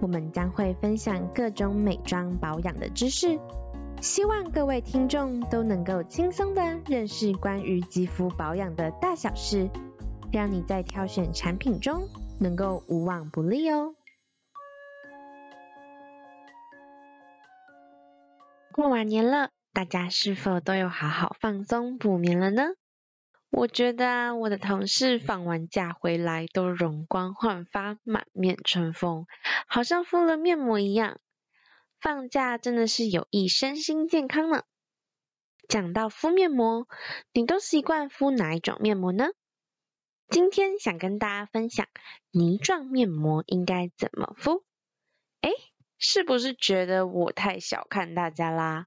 我們將會分享各種美妝保養的知識，希望各位聽眾都能夠輕鬆的認識關於肌膚保養的大小事，讓你在挑選產品中能夠無往不利哦。過完年了，大家是否都有好好放鬆補眠了呢？我覺得、啊、我的同事放完假回來都容光煥發、滿面春風，好像敷了面膜一樣。放假真的是有益身心健康呢。講到敷面膜，你都習慣敷哪一種面膜呢？今天想跟大家分享泥狀面膜應該怎麼敷。哎，是不是覺得我太小看大家啦、啊？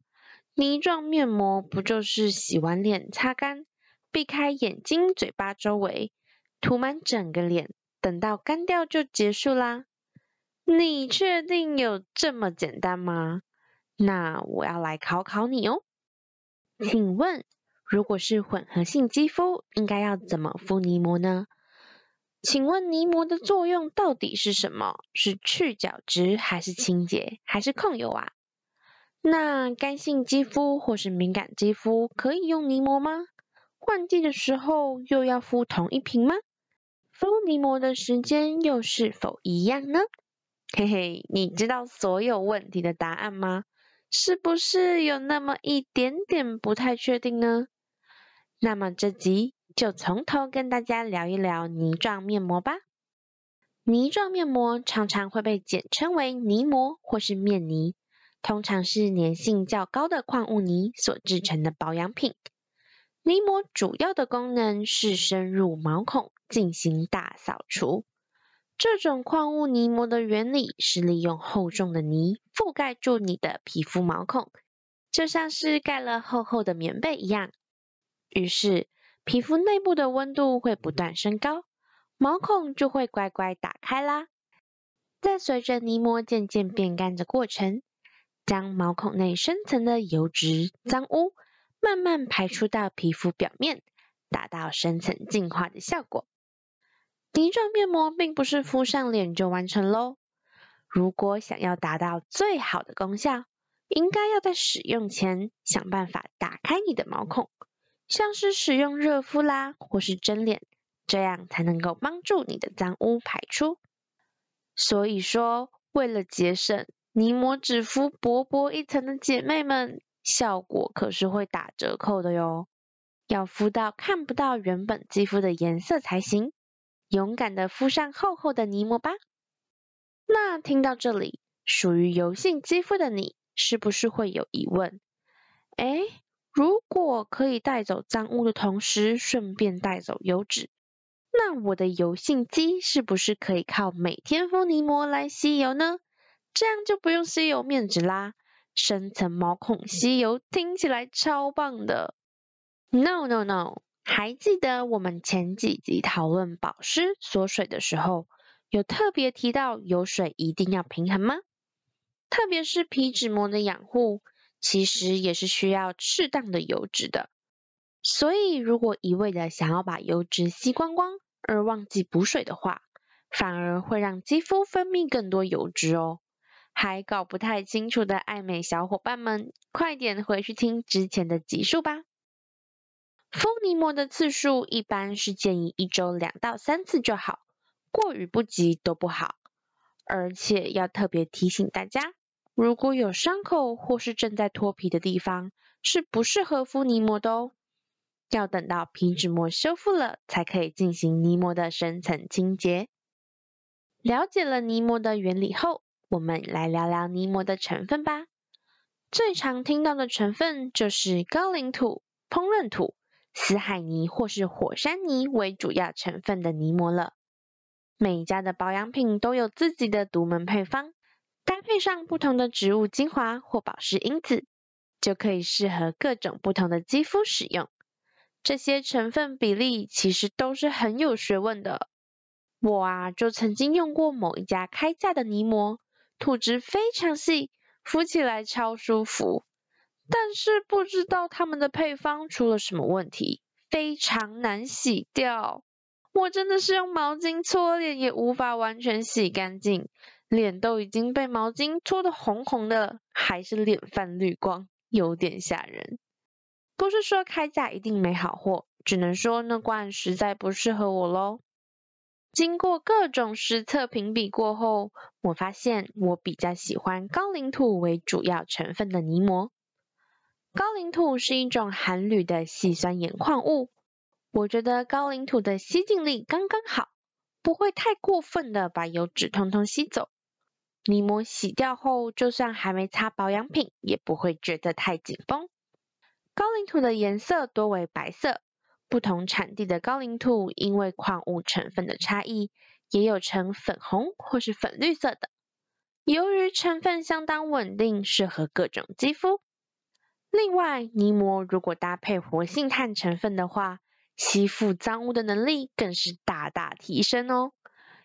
泥狀面膜不就是洗完臉擦乾？避開眼睛、嘴巴周圍，塗滿整個臉，等到乾掉就結束啦。你確定有這麼簡單嗎？那我要來考考你哦。請問，如果是混合性肌膚，應該要怎麼敷泥膜呢？請問泥膜的作用到底是什麼？是去角質，還是清潔，還是控油啊？那乾性肌膚或是敏感肌膚可以用泥膜嗎？換季的時候又要敷同一瓶嗎？敷泥膜的時間又是否一樣呢？嘿嘿，你知道所有問題的答案嗎？是不是有那麼一點點不太確定呢？那麼這集就從頭跟大家聊一聊泥狀面膜吧。泥狀面膜常常會被簡稱為泥膜或是面泥，通常是粘性較高的礦物泥所制成的保養品。泥膜主要的功能是深入毛孔，進行大掃除。這種礦物泥膜的原理是利用厚重的泥覆蓋住你的皮膚毛孔，就像是蓋了厚厚的棉被一樣。於是，皮膚內部的溫度會不斷升高，毛孔就會乖乖打開啦。在隨着泥膜漸漸變乾的過程，將毛孔內深層的油脂、髒污。慢慢排出到皮膚表面，達到深層淨化的效果。泥狀面膜並不是敷上臉就完成咯。如果想要達到最好的功效，應該要在使用前想辦法打開你的毛孔，像是使用熱敷啦，或是蒸臉，這樣才能夠幫助你的髒污排出。所以說，為了節省泥膜只敷薄薄一層的姐妹們。效果可是會打折扣的喲，要敷到看不到原本肌膚的顏色才行。勇敢的敷上厚厚的泥膜吧。那聽到這裡，屬於油性肌膚的你，是不是會有疑問？誒，如果可以帶走髒污的同時，順便帶走油脂，那我的油性肌是不是可以靠每天敷泥膜來吸油呢？這樣就不用吸油面紙啦。深層毛孔吸油，聽起來超棒的。No No No，還記得我們前幾集討論保濕鎖水的時候，有特別提到油水一定要平衡嗎？特別是皮脂膜的養護，其實也是需要適當的油脂的。所以如果一味的想要把油脂吸光光，而忘記補水的話，反而會讓肌膚分泌更多油脂哦。還搞不太清楚的愛美小伙伴們，快點回去聽之前的集數吧。敷泥膜的次數一般是建議一周兩到三次就好，過與不及都不好。而且要特別提醒大家，如果有傷口或是正在脫皮的地方，是不適合敷泥膜的哦。要等到皮脂膜修復了，才可以進行泥膜的深層清潔。了解了泥膜的原理後，我們來聊聊泥膜的成分吧。最常聽到的成分就是高嶺土、烹飪土、死海泥或是火山泥為主要成分的泥膜了。每一家的保養品都有自己的獨門配方，搭配上不同的植物精華或保濕因子，就可以適合各種不同的肌膚使用。這些成分比例其實都是很有學問的。我啊，就曾經用過某一家開架的泥膜。土質非常細，敷起來超舒服，但是不知道他們的配方出了什麼問題，非常難洗掉。我真的是用毛巾搓臉也無法完全洗乾淨，臉都已經被毛巾搓得紅紅的，還是臉泛綠光，有點嚇人。不是說開架一定沒好貨，只能說那罐實在不適合我嘍。經過各種實測評比過後，我發現我比較喜歡高嶺土為主要成分的泥膜。高嶺土是一種含鋁的矽酸鹽礦物。我覺得高嶺土的吸淨力剛剛好，不會太過分的把油脂通通吸走。泥膜洗掉後，就算還沒擦保養品，也不會覺得太緊繃。高嶺土的顏色多為白色。不同產地的高嶺土，因為礦物成分的差異，也有呈粉紅或是粉綠色的。由於成分相當穩定，適合各種肌膚。另外，泥膜如果搭配活性炭成分的話，吸附髒污的能力更是大大提升哦。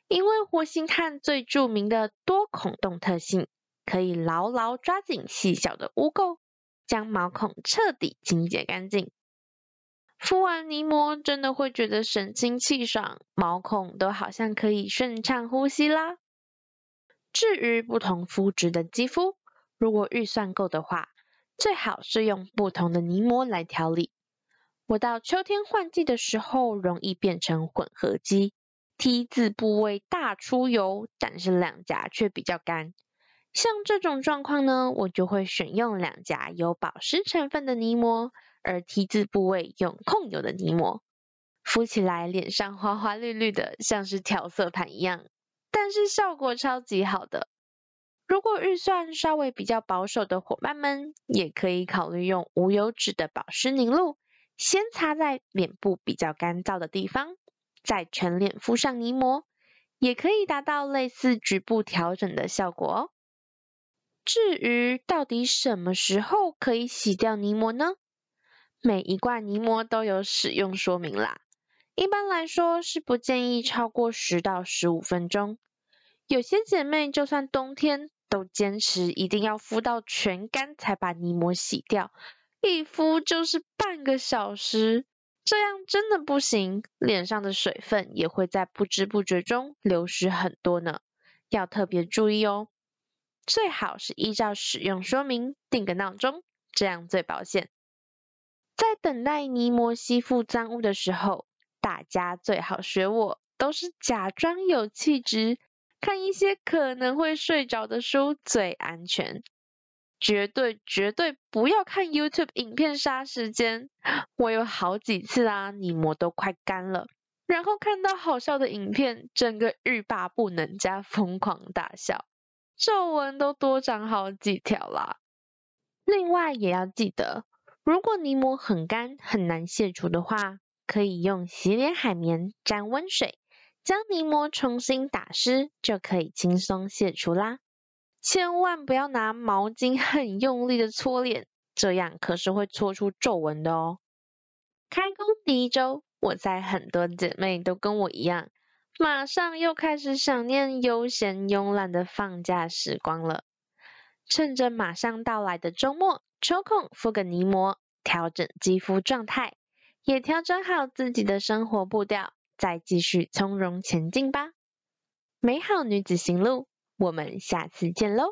因為活性炭最著名的多孔洞特性，可以牢牢抓緊細小的污垢，將毛孔徹底清潔乾淨。敷完泥膜真的會覺得神清氣爽，毛孔都好像可以順暢呼吸啦。至於不同膚質的肌膚，如果預算夠的話，最好是用不同的泥膜來調理。我到秋天換季的時候，容易變成混合肌，T 字部位大出油，但是兩頰卻比較乾。像這種狀況呢，我就會選用兩頰有保濕成分的泥膜。而 T 字部位用控油的泥膜，敷起來臉上花花綠綠的，像是調色盤一樣，但是效果超級好的。如果預算稍微比較保守的夥伴們，也可以考慮用無油脂的保濕凝露，先擦在臉部比較乾燥的地方，再全臉敷上泥膜，也可以達到類似局部調整的效果哦。至於到底什麼時候可以洗掉泥膜呢？每一罐泥膜都有使用說明啦，一般來說是不建議超過十到十五分鐘。有些姐妹就算冬天都堅持一定要敷到全乾才把泥膜洗掉，一敷就是半個小時，這樣真的不行，臉上的水分也會在不知不覺中流失很多呢，要特別注意哦。最好是依照使用說明，定個鬧鐘，這樣最保險。等待泥膜吸附髒污的時候，大家最好學我，都是假裝有氣質，看一些可能會睡着的書最安全，絕對絕對不要看 YouTube 影片殺時間。我有好幾次啦、啊，泥膜都快乾了，然後看到好笑的影片，整個欲罷不能加瘋狂大笑，皺紋都多長好幾條啦。另外也要記得。如果泥膜很乾，很難卸除的話，可以用洗臉海綿沾溫水，將泥膜重新打濕，就可以輕鬆卸除啦。千萬不要拿毛巾很用力的搓臉，這樣可是會搓出皺紋的哦。開工第一周，我猜很多姐妹都跟我一樣，馬上又開始想念悠閒慵懶的放假時光了。趁着馬上到來的周末，抽空敷個泥膜，調整肌膚狀態，也調整好自己的生活步調，再繼續從容前進吧。美好女子行路，我們下次見嘍！